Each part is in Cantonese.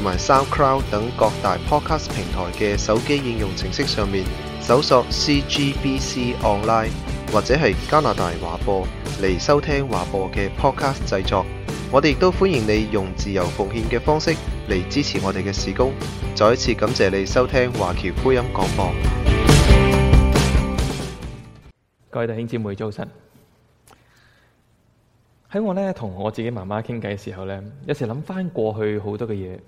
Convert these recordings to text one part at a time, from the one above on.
同埋 SoundCloud 等各大 Podcast 平台嘅手機應用程式上面搜索 CGBC Online 或者係加拿大華播嚟收聽華播嘅 Podcast 製作。我哋亦都歡迎你用自由奉獻嘅方式嚟支持我哋嘅事工。再一次感謝你收聽華僑福音廣播。各位弟兄姊妹早晨。喺我呢同我自己媽媽傾偈嘅時候呢，有時諗翻過去好多嘅嘢。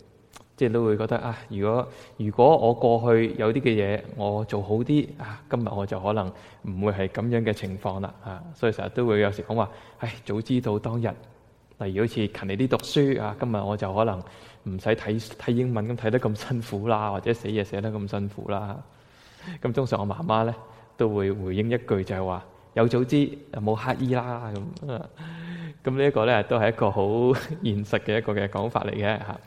即係都會覺得啊，如果如果我過去有啲嘅嘢，我做好啲啊，今日我就可能唔會係咁樣嘅情況啦啊！所以成日都會有時講話，唉、哎，早知道當日，例如好似勤力啲讀書啊，今日我就可能唔使睇睇英文咁睇得咁辛苦啦，或者寫嘢寫得咁辛苦啦。咁通常我媽媽咧都會回應一句就係話：有早知就冇乞兒啦咁。咁、啊、呢是一個咧都係一個好現實嘅一個嘅講法嚟嘅嚇。啊。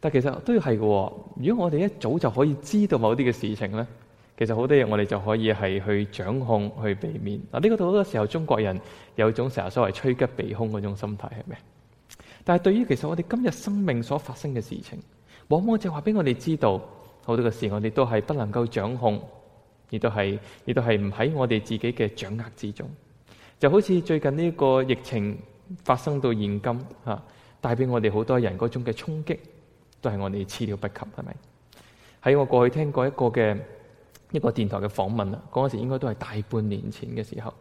但其實都要係嘅。如果我哋一早就可以知道某啲嘅事情咧，其實好多嘢我哋就可以係去掌控、去避免。嗱，呢個好多時候中國人有一種時候所謂趨吉避凶嗰種心態係咩？但係對於其實我哋今日生命所發生嘅事情，往往就話俾我哋知道好多嘅事，我哋都係不能夠掌控，亦都係亦都係唔喺我哋自己嘅掌握之中。就好似最近呢個疫情發生到現今嚇，帶俾我哋好多人嗰種嘅衝擊。都係我哋始料不及，係咪？喺我過去聽過一個嘅一個電台嘅訪問啊，嗰陣時應該都係大半年前嘅時候。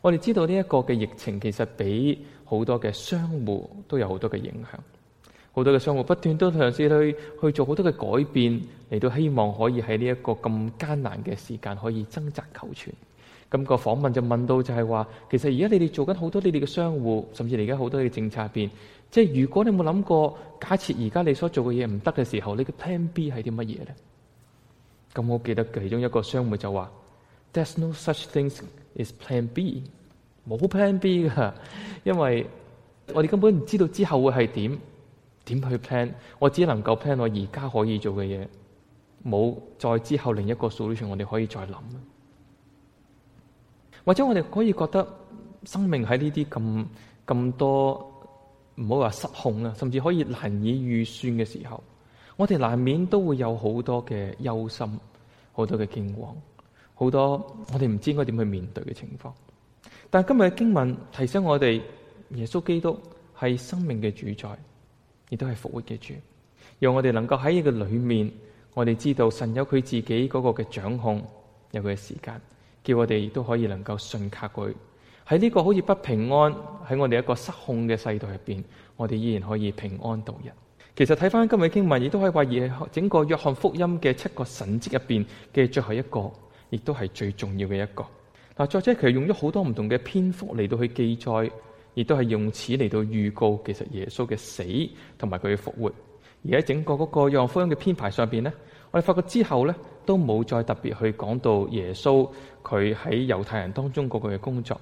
我哋知道呢一個嘅疫情其實比好多嘅商戶都有好多嘅影響，好多嘅商戶不斷都嘗試去去做好多嘅改變嚟到，希望可以喺呢一個咁艱難嘅時間可以掙扎求存。咁個訪問就問到就係話，其實而家你哋做緊好多你哋嘅商戶，甚至而家好多嘅政策入邊。即係如果你冇諗過，假設而家你所做嘅嘢唔得嘅時候，你嘅 Plan B 係啲乜嘢咧？咁我記得其中一個商務就話：There's no such things as Plan B，冇 Plan B 噶，因為我哋根本唔知道之後會係點，點去 plan，我只能夠 plan 我而家可以做嘅嘢，冇再之後另一個 solution 我哋可以再諗。或者我哋可以覺得生命喺呢啲咁咁多。唔好話失控甚至可以難以預算嘅時候，我哋難免都會有好多嘅憂心，好多嘅驚慌，好多我哋唔知應該點去面對嘅情況。但係今日嘅經文提醒我哋，耶穌基督係生命嘅主宰，亦都係復活嘅主，讓我哋能夠喺呢個裏面，我哋知道神有佢自己嗰個嘅掌控，有佢嘅時間，叫我哋亦都可以能夠信靠佢。喺呢個好似不平安，喺我哋一個失控嘅世道入邊，我哋依然可以平安度日。其實睇翻今日嘅經文，亦都可以話，耶整個約翰福音嘅七個神跡入邊嘅最後一個，亦都係最重要嘅一個。嗱，作者其實用咗好多唔同嘅篇幅嚟到去記載，亦都係用此嚟到預告其實耶穌嘅死同埋佢嘅復活。而喺整個嗰個約翰福音嘅編排上邊呢，我哋發覺之後呢，都冇再特別去講到耶穌佢喺猶太人當中嗰個嘅工作。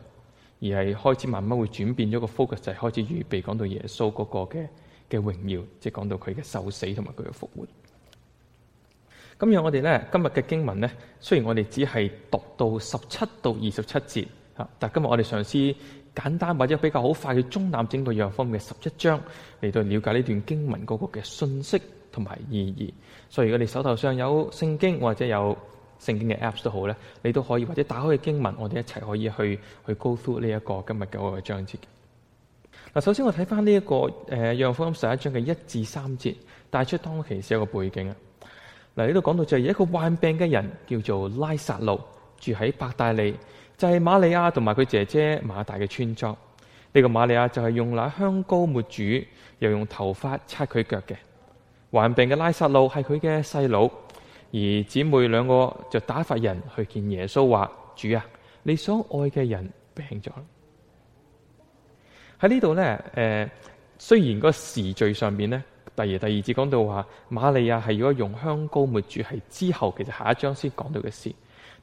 而係開始慢慢會轉變咗個 focus，就係開始預備講到耶穌嗰個嘅嘅榮耀，即係講到佢嘅受死同埋佢嘅復活。咁樣我哋今日我哋咧今日嘅經文咧，雖然我哋只係讀到十七到二十七節，吓，但係今日我哋嘗試簡單或者比較好快嘅中南整個羊方面嘅十一章嚟到了解呢段經文嗰個嘅信息同埋意義。所以我哋手頭上有聖經或者有。聖經嘅 Apps 都好咧，你都可以或者打開嘅經文，我哋一齊可以去去 go through 呢一個今日嘅一個章節嗱，首先我睇翻呢一個誒《約翰福音》十一章嘅一至三節，帶出當其時一個背景啊。嗱，呢度講到就係一個患病嘅人叫做拉撒路，住喺伯大尼，就係瑪利亞同埋佢姐姐馬大嘅村莊。呢、這個瑪利亞就係用那香膏抹主，又用頭髮擦佢腳嘅。患病嘅拉撒路係佢嘅細佬。而姊妹兩個就打發人去見耶穌話：主啊，你所愛嘅人病咗。喺呢度咧，誒、呃，雖然嗰個時序上邊咧，第二第二節講到話瑪利亞係如果用香膏抹主，係之後，其實下一章先講到嘅事。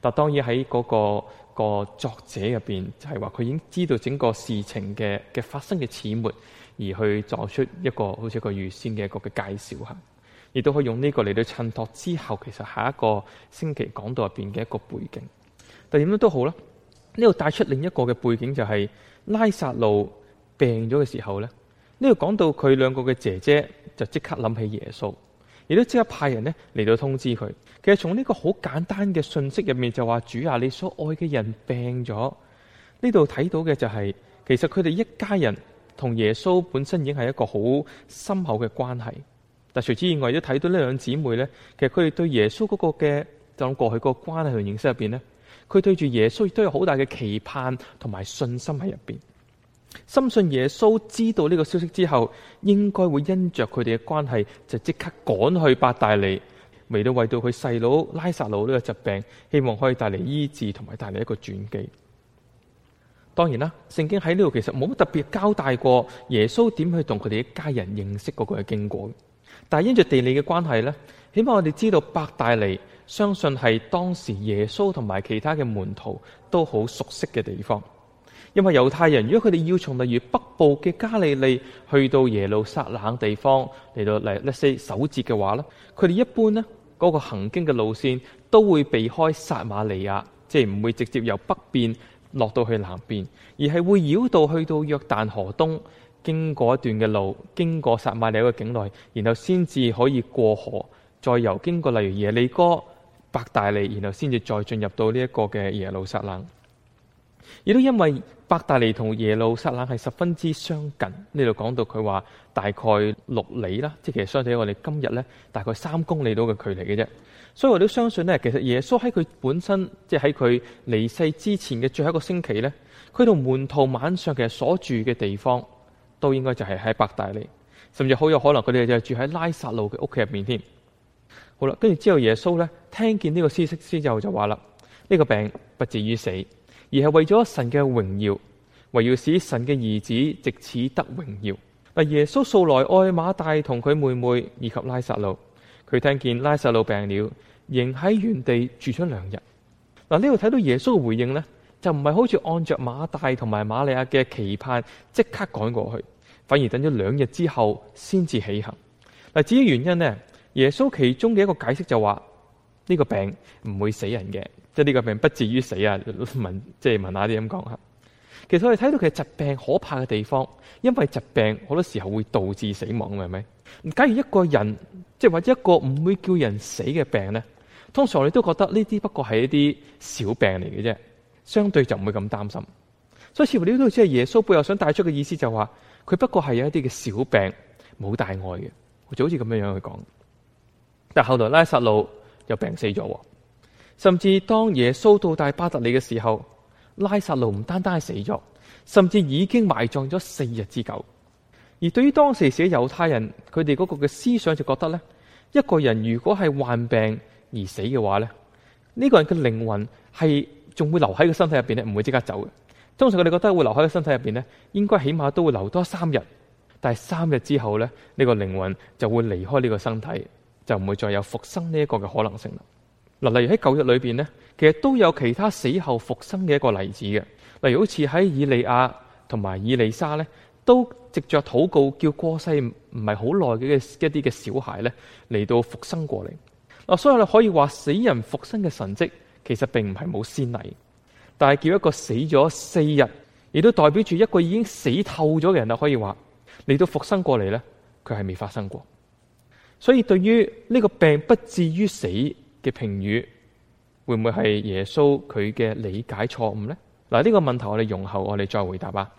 但當然喺嗰、嗰個個作者入邊，就係話佢已經知道整個事情嘅嘅發生嘅始末，而去作出一個好似一個預先嘅一個嘅介紹吓。亦都可以用呢個嚟到襯托之後，其實下一個星期講到入邊嘅一個背景。但係點樣都好啦，呢度帶出另一個嘅背景就係、是、拉撒路病咗嘅時候。呢呢度講到佢兩個嘅姐姐就即刻諗起耶穌，亦都即刻派人咧嚟到通知佢。其實從呢個好簡單嘅信息入面就話主啊，你所愛嘅人病咗。呢度睇到嘅就係、是、其實佢哋一家人同耶穌本身已經係一個好深厚嘅關係。但係之以外，一睇到呢兩姊妹呢，其實佢哋對耶穌嗰個嘅當過去嗰個關係嘅認識入邊呢，佢對住耶穌都有好大嘅期盼同埋信心喺入邊，深信耶穌知道呢個消息之後，應該會因着佢哋嘅關係就即刻趕去八大利，為到為到佢細佬拉撒魯呢個疾病，希望可以帶嚟醫治同埋帶嚟一個轉機。當然啦，聖經喺呢度其實冇乜特別交代過耶穌點去同佢哋一家人認識嗰個嘅經過。但係因著地理嘅關係呢起碼我哋知道伯大尼相信係當時耶穌同埋其他嘅門徒都好熟悉嘅地方。因為猶太人如果佢哋要從例如北部嘅加利利去到耶路撒冷的地方嚟到嚟一些首節嘅話呢佢哋一般呢、嗰個行經嘅路線都會避開撒馬利亞，即係唔會直接由北邊落到去南邊，而係會繞道去到約旦河東。經過一段嘅路，經過撒瑪利亞嘅境內，然後先至可以過河，再由經過例如耶利哥、伯大尼，然後先至再進入到呢一個嘅耶路撒冷。亦都因為伯大尼同耶路撒冷係十分之相近，呢度講到佢話大概六里啦，即其實相對我哋今日呢，大概三公里到嘅距離嘅啫。所以我也都相信呢，其實耶穌喺佢本身即係喺佢離世之前嘅最後一個星期呢，佢同門徒晚上其實所住嘅地方，都應該就係喺伯大尼，甚至好有可能佢哋就住喺拉撒路嘅屋企入面添。好啦，跟住之後耶穌呢，聽見呢個消息之後就話啦：呢、這個病不至於死，而係為咗神嘅榮耀，為要使神嘅兒子借此得榮耀。嗱，耶穌素來愛馬大同佢妹妹以及拉撒路，佢聽見拉撒路病了，仍喺原地住咗兩日。嗱，呢度睇到耶穌嘅回應呢。就唔係好似按着馬大同埋馬利亞嘅期盼即刻趕過去，反而等咗兩日之後先至起行。嗱，至於原因呢，耶穌其中嘅一個解釋就話、是：呢個、這個病唔會死人嘅，即係呢個病不至於死啊。文即係問、就是、問下啲咁講吓。其實我哋睇到其實疾病可怕嘅地方，因為疾病好多時候會導致死亡，係咪？假如一個人即係或者一個唔會叫人死嘅病咧，通常我哋都覺得呢啲不過係一啲小病嚟嘅啫。相對就唔會咁擔心，所以似乎呢度只係耶穌背後想帶出嘅意思就，就話佢不過係有一啲嘅小病，冇大礙嘅，我就好似咁樣樣去講。但後來拉撒路又病死咗，甚至當耶穌到大巴達里嘅時候，拉撒路唔單單係死咗，甚至已經埋葬咗四日之久。而對於當時寫猶太人佢哋嗰個嘅思想，就覺得咧，一個人如果係患病而死嘅話咧，呢、呢個人嘅靈魂係。仲會留喺個身體入邊咧，唔會即刻走嘅。通常佢哋覺得會留喺個身體入邊咧，應該起碼都會多留多三日。但係三日之後咧，呢、這個靈魂就會離開呢個身體，就唔會再有復生呢一個嘅可能性啦。嗱，例如喺舊約裏邊咧，其實都有其他死後復生嘅一個例子嘅。例如好似喺以利亞同埋以利沙咧，都藉着禱告叫過世唔係好耐嘅一啲嘅小孩咧嚟，到復生過嚟。嗱，所以你可以話死人復生嘅神蹟。其實並唔係冇先例，但係叫一個死咗四日，亦都代表住一個已經死透咗嘅人啊！可以話，你都復生過嚟咧，佢係未發生過。所以對於呢個病不至於死嘅評語，會唔會係耶穌佢嘅理解錯誤咧？嗱，呢個問題我哋容後我哋再回答啊。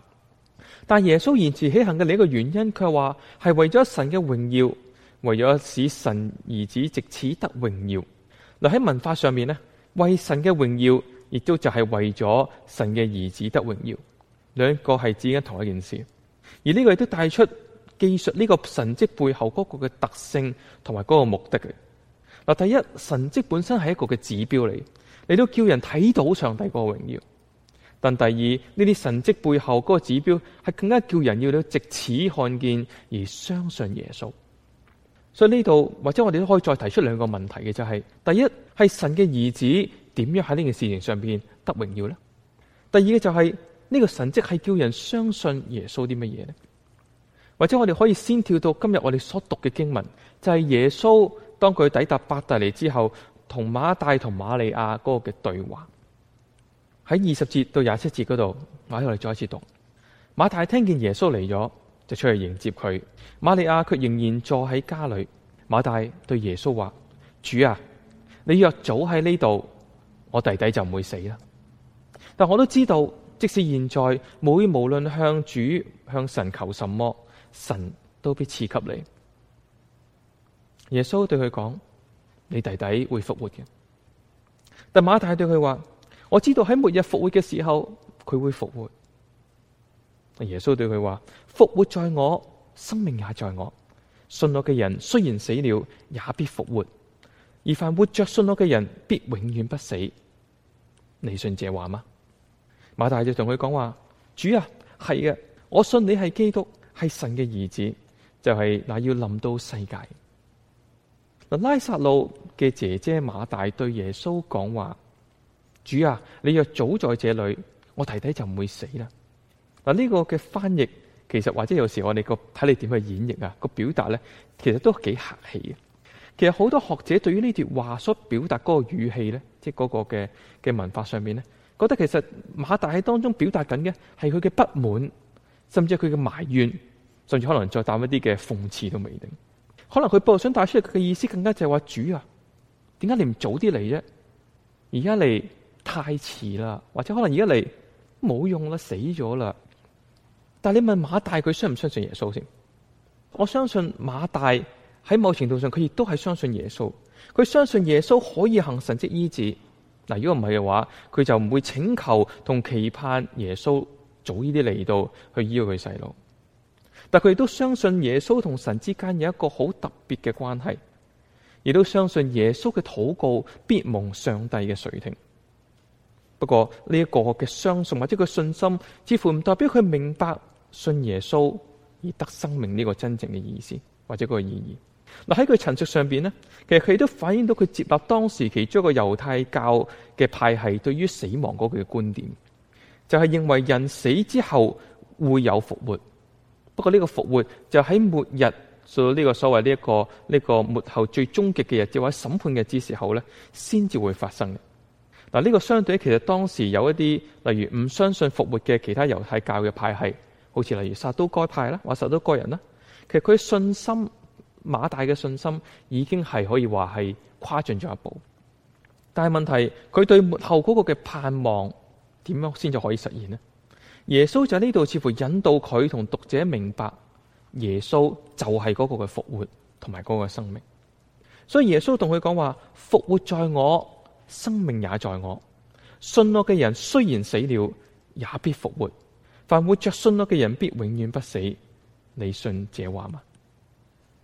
但耶穌延遲起行嘅另一個原因，佢係話係為咗神嘅榮耀，為咗使神兒子藉此得榮耀。嗱，喺文化上面咧。為神嘅榮耀，亦都就係為咗神嘅兒子得榮耀，兩個係指緊同一件事。而呢個亦都帶出記述呢個神蹟背後嗰個嘅特性同埋嗰個目的嘅。嗱，第一，神蹟本身係一個嘅指標嚟，你都叫人睇到上帝嗰個榮耀。但第二，呢啲神蹟背後嗰個指標，係更加叫人要到直視看見而相信耶穌。所以呢度或者我哋都可以再提出兩個問題嘅，就係、是、第一係神嘅兒子點樣喺呢件事情上邊得榮耀咧？第二嘅就係、是、呢、這個神迹係叫人相信耶穌啲乜嘢咧？或者我哋可以先跳到今日我哋所讀嘅經文，就係、是、耶穌當佢抵達伯大尼之後，同馬大同瑪利亞嗰個嘅對話，喺二十節到廿七節嗰度，我喺度嚟再一次讀。馬太聽見耶穌嚟咗。就出去迎接佢。瑪利亞卻仍然坐喺家裏。馬大對耶穌話：主啊，你若早喺呢度，我弟弟就唔會死啦。但我都知道，即使現在每無論向主向神求什麼，神都必賜給你。耶穌對佢講：你弟弟會復活嘅。但馬大對佢話：我知道喺末日復活嘅時候，佢會復活。耶穌對佢話：復活在我，生命也在我。信我嘅人雖然死了，也必復活；而凡活着信我嘅人，必永遠不死。你信這話嗎？馬大就同佢講話：主啊，係啊，我信你係基督，係神嘅兒子，就係、是、那要臨到世界。嗱，拉撒路嘅姐姐馬大對耶穌講話：主啊，你若早在這裏，我弟弟就唔會死啦。呢個嘅翻譯，其實或者有時我哋個睇你點去演繹啊，個表達咧，其實都幾客氣嘅。其實好多學者對於呢段話所表達嗰個語氣咧，即係嗰個嘅嘅文化上面咧，覺得其實馬大喺當中表達緊嘅係佢嘅不滿，甚至係佢嘅埋怨，甚至可能再淡一啲嘅諷刺都未定。可能佢想帶出嚟佢嘅意思，更加就係話主啊，點解你唔早啲嚟啫？而家嚟太遲啦，或者可能而家嚟冇用啦，死咗啦。但你問馬大佢相唔相信耶穌先？我相信馬大喺某程度上佢亦都係相信耶穌，佢相信耶穌可以行神蹟醫治。嗱，如果唔係嘅話，佢就唔會請求同期盼耶穌早呢啲嚟到去醫佢細路。但佢亦都相信耶穌同神之間有一個好特別嘅關係，亦都相信耶穌嘅禱告必蒙上帝嘅垂聽。不過呢一個嘅相信或者佢信心，似乎唔代表佢明白信耶穌而得生命呢個真正嘅意思或者個意義。嗱，喺佢陳述上邊呢，其實佢都反映到佢接納當時其中一個猶太教嘅派系對於死亡嗰個嘅觀點，就係認為人死之後會有復活。不過呢個復活就喺末日，做呢個所謂呢一個呢個末後最終極嘅日子或者審判日之時候呢，先至會發生。嗱，呢個相對其實當時有一啲，例如唔相信復活嘅其他猶太教嘅派系，好似例如撒都該派啦，或撒都該人啦，其實佢信心馬大嘅信心已經係可以話係跨進咗一步。但係問題，佢對末後嗰個嘅盼望點樣先至可以實現呢？耶穌就喺呢度似乎引導佢同讀者明白，耶穌就係嗰個嘅復活同埋嗰個生命。所以耶穌同佢講話：復活在我。生命也在我，信我嘅人雖然死了，也必復活；凡活着信我嘅人必永遠不死。你信這話嗎？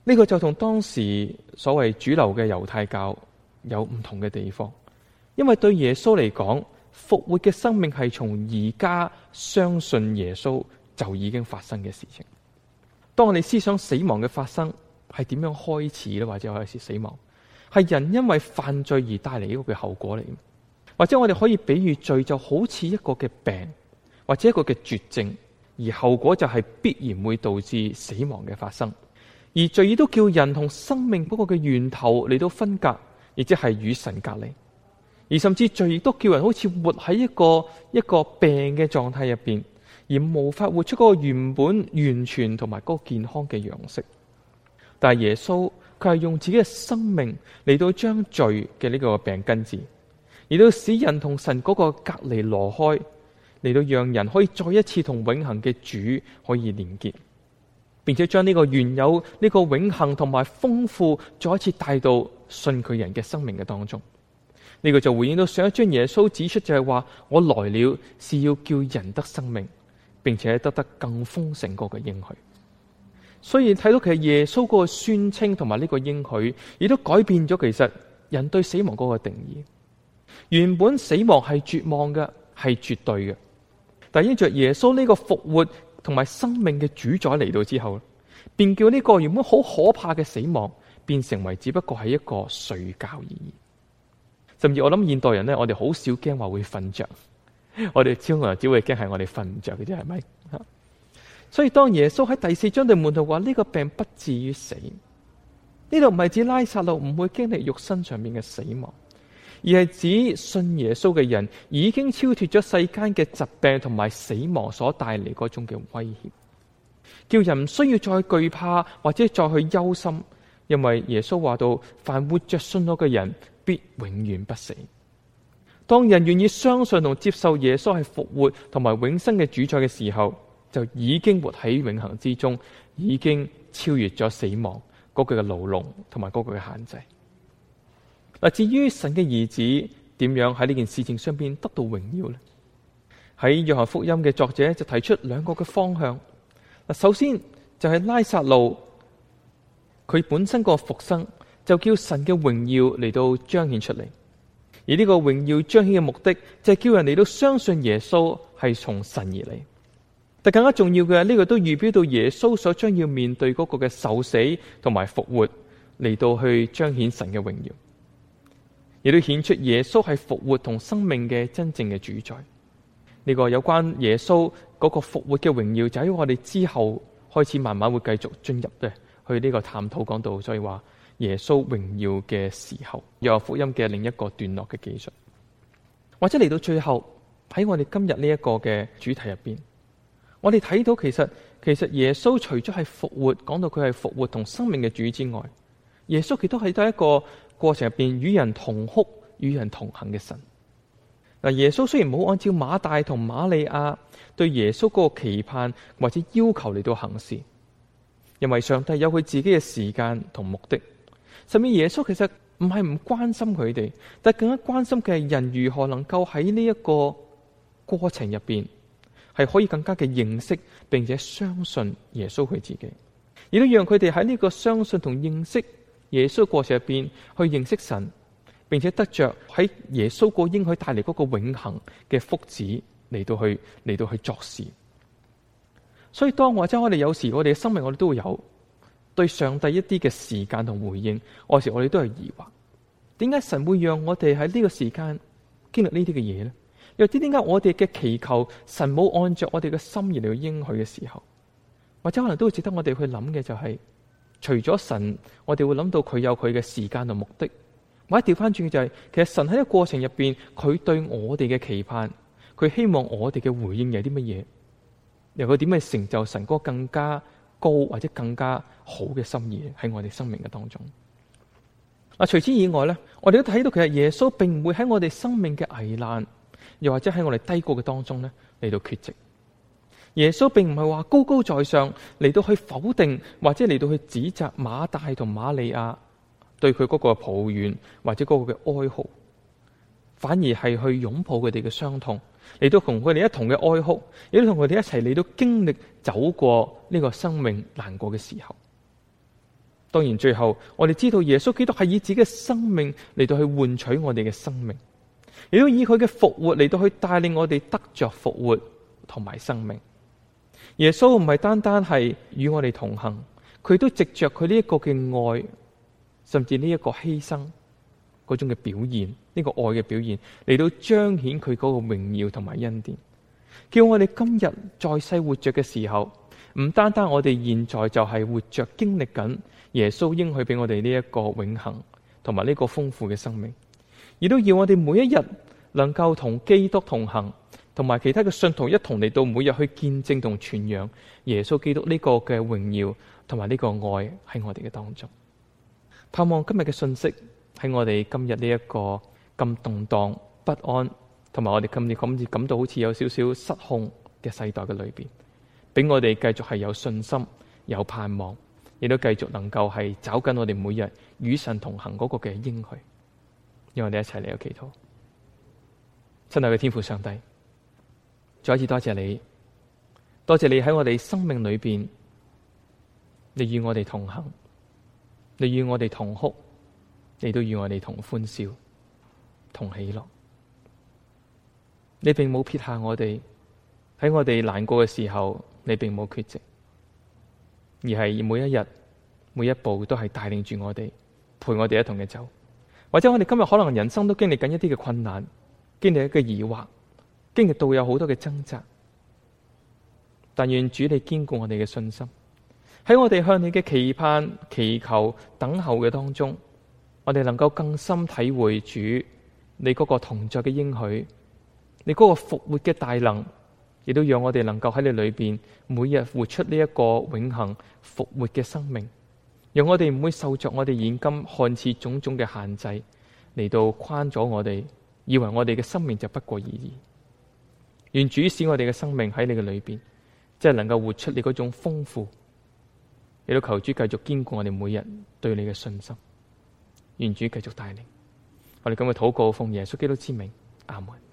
呢個就同當時所謂主流嘅猶太教有唔同嘅地方，因為對耶穌嚟講，復活嘅生命係從而家相信耶穌就已經發生嘅事情。當我哋思想死亡嘅發生係點樣開始咧，或者開始死亡。係人因為犯罪而帶嚟一個嘅後果嚟，或者我哋可以比喻罪就好似一個嘅病，或者一個嘅絕症，而後果就係必然會導致死亡嘅發生。而罪亦都叫人同生命嗰個嘅源頭嚟到分隔，亦即係與神隔離。而甚至罪亦都叫人好似活喺一個一個病嘅狀態入邊，而無法活出嗰個原本完全同埋嗰個健康嘅樣式。但係耶穌。佢係用自己嘅生命嚟到將罪嘅呢個病根治，嚟到使人同神嗰個隔離挪開，嚟到讓人可以再一次同永恆嘅主可以連結，並且將呢個原有呢個永恆同埋豐富再一次帶到信佢人嘅生命嘅當中。呢個就回應到上一章耶穌指出就係話我來了是要叫人得生命，並且得得更豐盛嗰個應許。所以睇到其實耶穌嗰個宣稱同埋呢個應許，亦都改變咗其實人對死亡嗰個定義。原本死亡係絕望嘅，係絕對嘅。但係因着耶穌呢個復活同埋生命嘅主宰嚟到之後，便叫呢個原本好可怕嘅死亡，變成為只不過係一個睡覺而已。甚至我諗現代人呢，我哋好少驚話會瞓着，我哋朝頭早只會驚係我哋瞓唔着嘅啫，係咪？所以當耶穌喺第四章對門徒話，呢個病不至於死，呢度唔係指拉撒路唔會經歷肉身上面嘅死亡，而係指信耶穌嘅人已經超脫咗世間嘅疾病同埋死亡所帶嚟嗰種嘅威脅，叫人唔需要再懼怕或者再去憂心，因為耶穌話到，凡活着信我嘅人必永遠不死。當人願意相信同接受耶穌係復活同埋永生嘅主宰嘅時候，就已經活喺永恒之中，已經超越咗死亡嗰句嘅牢籠同埋嗰句嘅限制。嗱，至於神嘅兒子點樣喺呢件事情上邊得到榮耀呢？喺約翰福音嘅作者就提出兩個嘅方向。嗱，首先就係拉撒路，佢本身個復生就叫神嘅榮耀嚟到彰顯出嚟，而呢個榮耀彰顯嘅目的就係叫人嚟到相信耶穌係從神而嚟。但更加重要嘅，呢個都預表到耶穌所將要面對嗰個嘅受死同埋復活，嚟到去彰顯神嘅榮耀，亦都顯出耶穌係復活同生命嘅真正嘅主宰。呢個有關耶穌嗰個復活嘅榮耀，就喺我哋之後開始慢慢會繼續進入嘅，去呢個探討講道，所以話耶穌榮耀嘅時候，約翰福音嘅另一個段落嘅記述，或者嚟到最後喺我哋今日呢一個嘅主題入邊。我哋睇到其實其實耶穌除咗係復活，講到佢係復活同生命嘅主之外，耶穌亦都喺度一個過程入邊與人同哭與人同行嘅神。嗱，耶穌雖然冇按照馬大同瑪利亞對耶穌嗰個期盼或者要求嚟到行事，因為上帝有佢自己嘅時間同目的。甚至耶穌其實唔係唔關心佢哋，但更加關心嘅係人如何能夠喺呢一個過程入邊。係可以更加嘅認識，並且相信耶穌佢自己，亦都讓佢哋喺呢個相信同認識耶穌過程入邊，去認識神，並且得着喺耶穌個應許帶嚟嗰個永恆嘅福祉嚟到去嚟到去作事。所以當或者我哋有時我哋嘅生命我哋都會有對上帝一啲嘅時間同回應，有時我哋都係疑惑，點解神會讓我哋喺呢個時間經歷呢啲嘅嘢呢？又知點解我哋嘅祈求神冇按着我哋嘅心意嚟去應許嘅時候，或者可能都值得我哋去諗嘅就係，除咗神，我哋會諗到佢有佢嘅時間同目的。或者調翻轉嘅就係，其實神喺呢個過程入邊，佢對我哋嘅期盼，佢希望我哋嘅回應有啲乜嘢，又佢點去成就神嗰個更加高或者更加好嘅心意喺我哋生命嘅當中。啊，除此以外咧，我哋都睇到其實耶穌並唔會喺我哋生命嘅危難。又或者喺我哋低谷嘅當中呢，嚟到缺席，耶穌並唔係話高高在上嚟到去否定或者嚟到去指責馬大同瑪利亞對佢嗰個抱怨或者嗰個嘅哀嚎，反而係去擁抱佢哋嘅傷痛，嚟到同佢哋一同嘅哀哭，亦都同佢哋一齊嚟到經歷走過呢個生命難過嘅時候。當然最後我哋知道耶穌基督係以自己嘅生命嚟到去換取我哋嘅生命。亦都以佢嘅復活嚟到去帶領我哋得着復活同埋生命。耶穌唔係單單係與我哋同行，佢都藉着佢呢一個嘅愛，甚至呢一個犧牲嗰種嘅表現，呢、呢個愛嘅表現嚟到彰顯佢嗰個榮耀同埋恩典，叫我哋今日在世活着嘅時候，唔單單我哋現在就係活着經歷緊耶穌應許俾我哋呢一個永恒同埋呢個豐富嘅生命。亦都要我哋每一日能夠同基督同行，同埋其他嘅信徒一同嚟到每日去見證同傳揚耶穌基督呢個嘅榮耀，同埋呢個愛喺我哋嘅當中。盼望今日嘅信息喺我哋今日呢一個咁動盪不安，同埋我哋今日咁似感到好似有少少失控嘅世代嘅裏邊，俾我哋繼續係有信心，有盼望，亦都繼續能夠係找緊我哋每日與神同行嗰個嘅應許。讓我哋一齊嚟個祈禱。親愛嘅天父，上帝，再一次多謝你，多謝你喺我哋生命裏邊，你與我哋同行，你與我哋同哭，你都與我哋同歡笑，同喜樂。你並冇撇下我哋，喺我哋難過嘅時候，你並冇缺席，而係每一日每一步都係帶領住我哋，陪我哋一同嘅走。或者我哋今日可能人生都經歷緊一啲嘅困難，經歷一個疑惑，經歷到有好多嘅掙扎。但願主你堅固我哋嘅信心，喺我哋向你嘅期盼、祈求、等候嘅當中，我哋能夠更深體會主你嗰個同在嘅應許，你嗰個復活嘅大能，亦都讓我哋能夠喺你裏邊每日活出呢一個永恒復活嘅生命。讓我哋唔會受着我哋現今看似種種嘅限制嚟到框咗我哋，以為我哋嘅生命就不過而已。願主使我哋嘅生命喺你嘅裏邊，即係能夠活出你嗰種豐富。嚟到求主繼續堅固我哋每日對你嘅信心，願主繼續帶領我哋咁去禱告，奉耶穌基督之名，阿門。